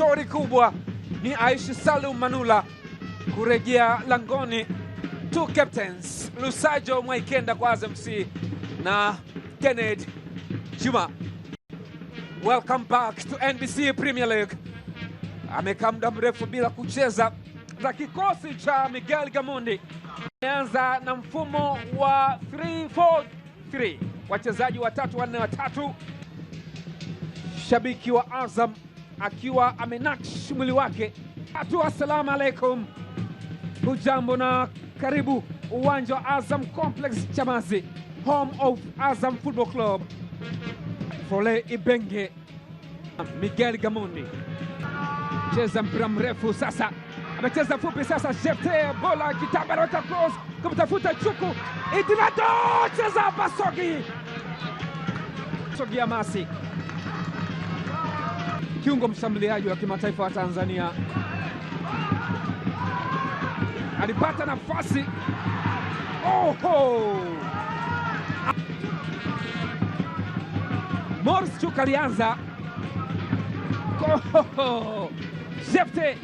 stori kubwa ni Aishi Salum Manula kurejea langoni. Two captains Lusajo Mwaikenda kwa Azam FC na Kenneth Juma. Welcome back to NBC Premier League. Amekaa muda mrefu bila kucheza na kikosi cha Miguel Gamondi ameanza na mfumo wa 3-4-3, wachezaji watatu wanne watatu. Shabiki wa Azam akiwa amenakshi mwili wake. Hatu, assalamu alaikum, hujambo na karibu uwanja wa Azam Complex Chamazi, home of Azam Football Club. Frole Ibenge, Miguel Gamondi cheza mpira mrefu sasa, amecheza fupi sasa, Shefte bola kitabarota cross kumtafuta Chuku Idinato, cheza pasogi Sogi Amasi kiungo mshambuliaji wa kimataifa wa Tanzania alipata nafasi. Oho, Morris Chuk alianza Jefte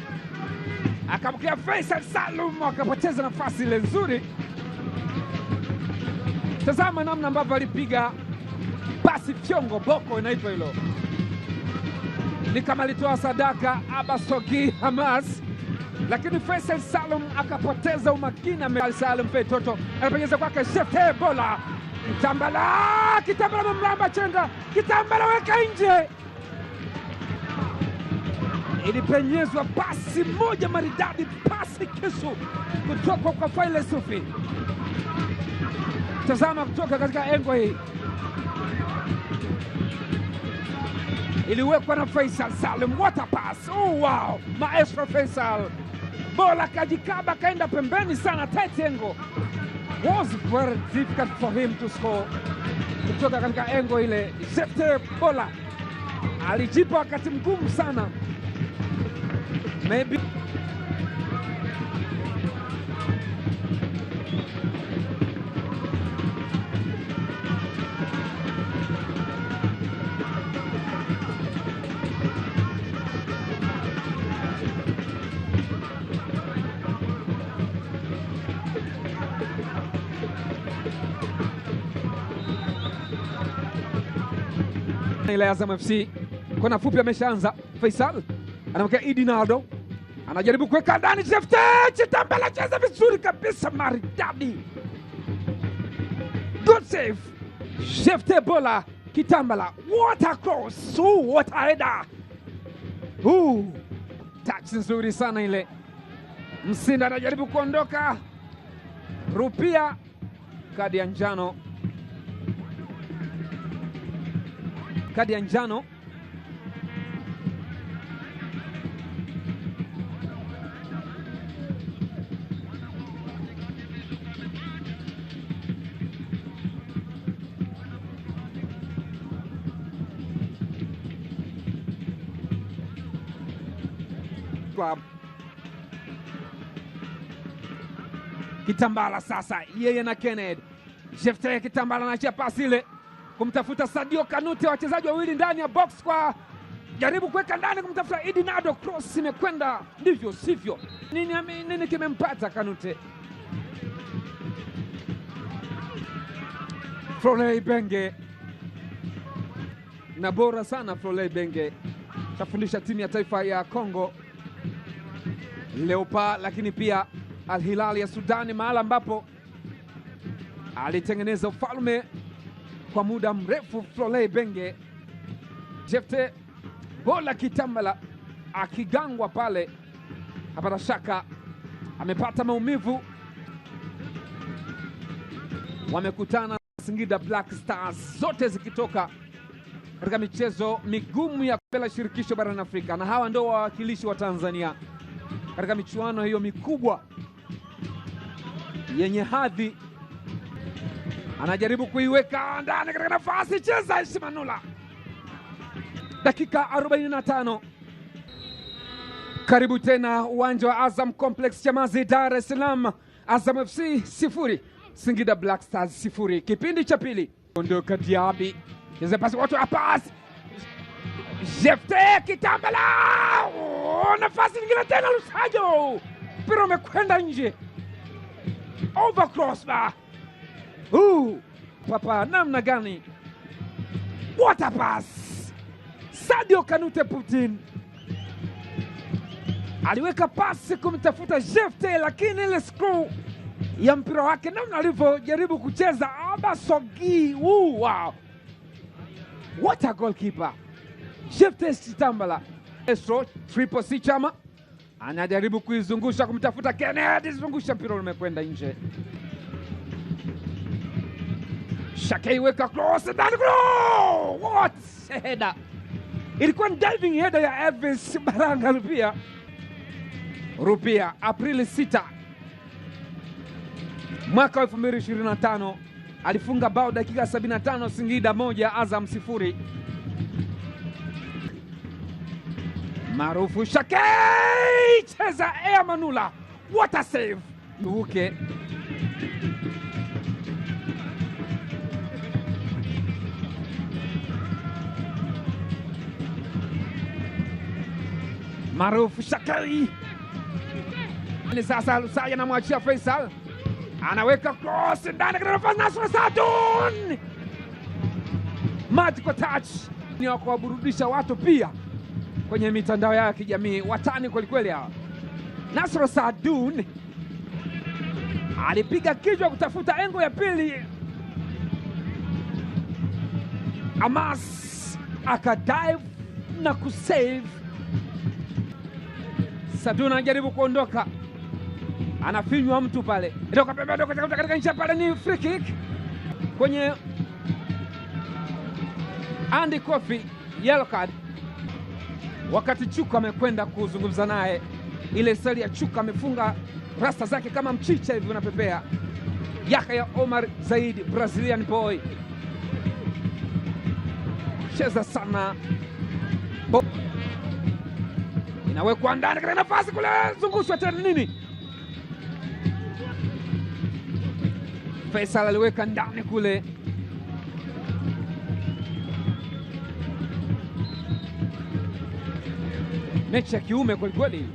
akamkia Faisal Salum akapoteza nafasi ile nzuri. Tazama namna ambavyo alipiga pasi, fyongo boko inaitwa hilo ni kama alitoa sadaka Abasogi Hamas, lakini Faisal Salum akapoteza umakini. Salum Fei Toto anapenyeza kwake Shefte Bola Kitambala, Kitambala mamlamba chenga Kitambala weka nje. Ilipenyezwa pasi moja maridadi, pasi kisu kutoka kwa Faile Sufi. Tazama kutoka katika engo hii iliwekwa na Faisal Salim, a pass. Oh, wow, maestro Faisal bola kajikaba kaenda pembeni sana. Tight angle was very difficult for him to score kutoka katika engo ile. Jefte bola alijipa wakati mgumu sana maybe Ile Azam FC kona fupi ameshaanza. Faisal anamwekea Idi anajaribu kuweka ndani. chitambala anacheza vizuri kabisa, maridadi, good save. Jefte Bola Kitambala, what a cross! Ooh, what a header! Ooh, touch nzuri sana ile. Msinda anajaribu kuondoka, rupia kadi ya njano. kadi ya njano Club. Kitambala sasa yeye na Kennedy Jefte Kitambala na pasi ile kumtafuta Sadio Kanute, wachezaji wawili ndani ya box kwa jaribu kuweka ndani kumtafuta Idi Nado, cross imekwenda ndivyo sivyo. Nini, nini kimempata Kanute? Florey Benge na bora sana Florey Benge tafundisha timu ya taifa ya Congo Leopa, lakini pia Al Hilal ya Sudani, mahala ambapo alitengeneza ufalme kwa muda mrefu Flole Benge, Jefte Bola Kitambala akigangwa pale, hapana shaka amepata maumivu. Wamekutana na Singida Black Stars, zote zikitoka katika michezo migumu ya kombe la shirikisho barani Afrika, na hawa ndio wawakilishi wa Tanzania katika michuano hiyo mikubwa yenye hadhi anajaribu kuiweka ndani katika nafasi. Cheza Isimanula, dakika 45. Karibu tena uwanja wa Azam Complex Chamazi, Dar es Salaam. Azam FC sifuri Singida Black Stars sifuri. Kipindi cha pili, kati ya Abi cheza pasi watu apas Jefte Kitambala, oh, nafasi nyingine tena, Lusajo mpira umekwenda nje, over crossbar huu papa namna gani? What a pass! Sadio Kanute Putin aliweka pasi kumtafuta Jefte, lakini ile skru ya mpira wake namna alivyojaribu kucheza abasogi huu, wow. What a goalkeeper! Jefte Sitambala Estro Triple C Chama anajaribu kuizungusha kumtafuta Kennedy, zungusha mpira umekwenda nje. Shakaiweka cross ndani, what header! Ilikuwa ni diving header ya Evans Baranga Rupia. Rupia Aprili 6 mwaka wa 2025 alifunga bao dakika 75, Singida moja Azam sifuri. Maarufu Shakei cheza Ea Manula, what a save! Uke maarufu Shakari. Ni sasa Lusaga anamwachia Faisal, anaweka cross ndani katika nafasi, Nasra Saadun magical touch ni wa kuwaburudisha watu pia kwenye mitandao yao ya kijamii, watani kwelikweli hawa. Nasra Saadun alipiga kichwa kutafuta engo ya pili, Amas akadive na kusave saduna anajaribu kuondoka, anafinywa mtu pale, katika ncha pale, ni free kick kwenye Andy Kofi, yellow card. Wakati Chuka amekwenda kuzungumza naye, ile seli ya Chuka amefunga rasta zake kama mchicha hivi unapepea. Yaka ya Omar Zaidi, Brazilian boy, cheza sana Bo inawekwa ndani katika nafasi kule, zungushwa tena nini. Faisal aliweka ndani kule, mechi ya kiume kwelikweli.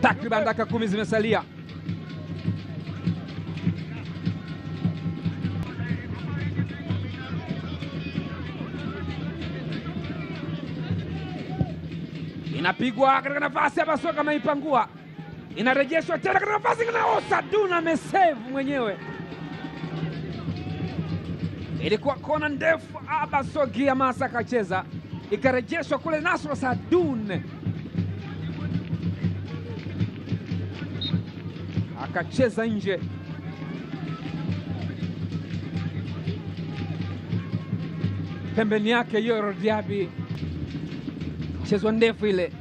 Takriban dakika kumi zimesalia. inapigwa katika nafasi ya Basoka, ameipangua inarejeshwa tena katika nafasi na Osaduna amesave mwenyewe. Ilikuwa kona ndefu, Abasogi masa akacheza, ikarejeshwa kule nasro Sadun akacheza nje. Pembeni yake Yoro Diaby, chezwa ndefu ile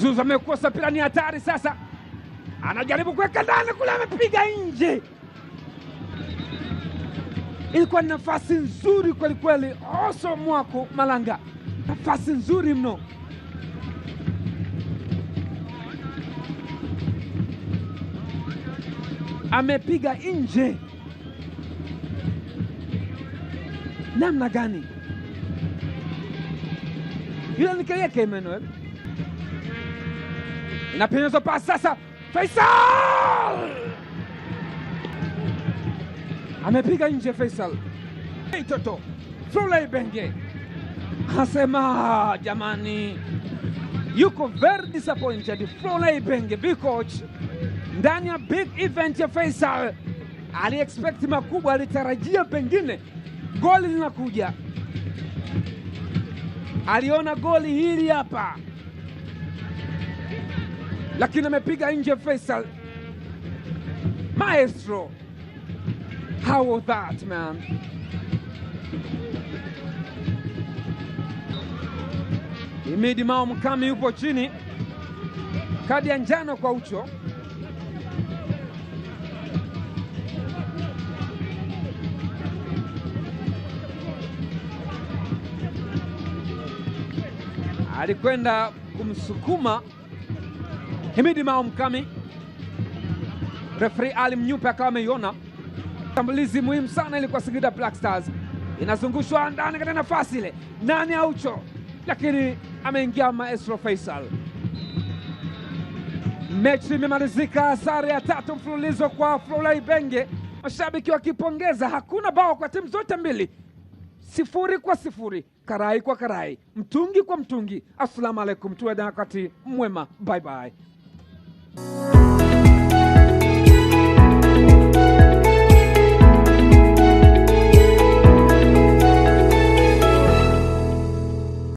Zuzu amekosa pira, ni hatari sasa, anajaribu kuweka ndani kule, amepiga nje. Ilikuwa ni nafasi nzuri kwelikweli, Oso Mwako Malanga, nafasi nzuri mno. Amepiga nje namna gani? Yule ni Kariake Emmanuel Inapenyezwa pasi sasa, Faisal amepiga nje. Faisal toto Florent Ibenge asema jamani, yuko very disappointed. Florent Ibenge big coach ndani ya big event ya Faisal aliexpect makubwa, alitarajia pengine goli linakuja, aliona goli hili hapa lakini amepiga nje Faisal. Maestro, how was that man? Imidi Mao Mkami yupo chini, kadi ya njano kwa Ucho. alikwenda kumsukuma Himidi Maum Kami, refri Ali Mnyupe akawa ameiona shambulizi muhimu sana, ilikuwa Singida Black Stars inazungushwa ndani katika nafasi ile, nani Aucho, lakini ameingia Maestro Faisal. Mechi imemalizika sare ya tatu mfululizo kwa Flora Ibenge, mashabiki wakipongeza, hakuna bao kwa timu zote mbili, sifuri kwa sifuri, karai kwa karai, mtungi kwa mtungi. Assalamu alaikum, tuwe na wakati mwema, bye bye. Bye.